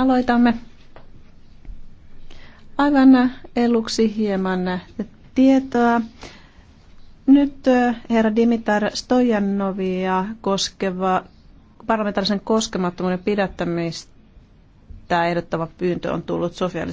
Aloitamme aivan eluksi hieman tietoa. Nyt herra Dimitar Stojanovia koskeva parlamentaarisen koskemattomuuden pidättämistä ehdottava pyyntö on tullut Sofia.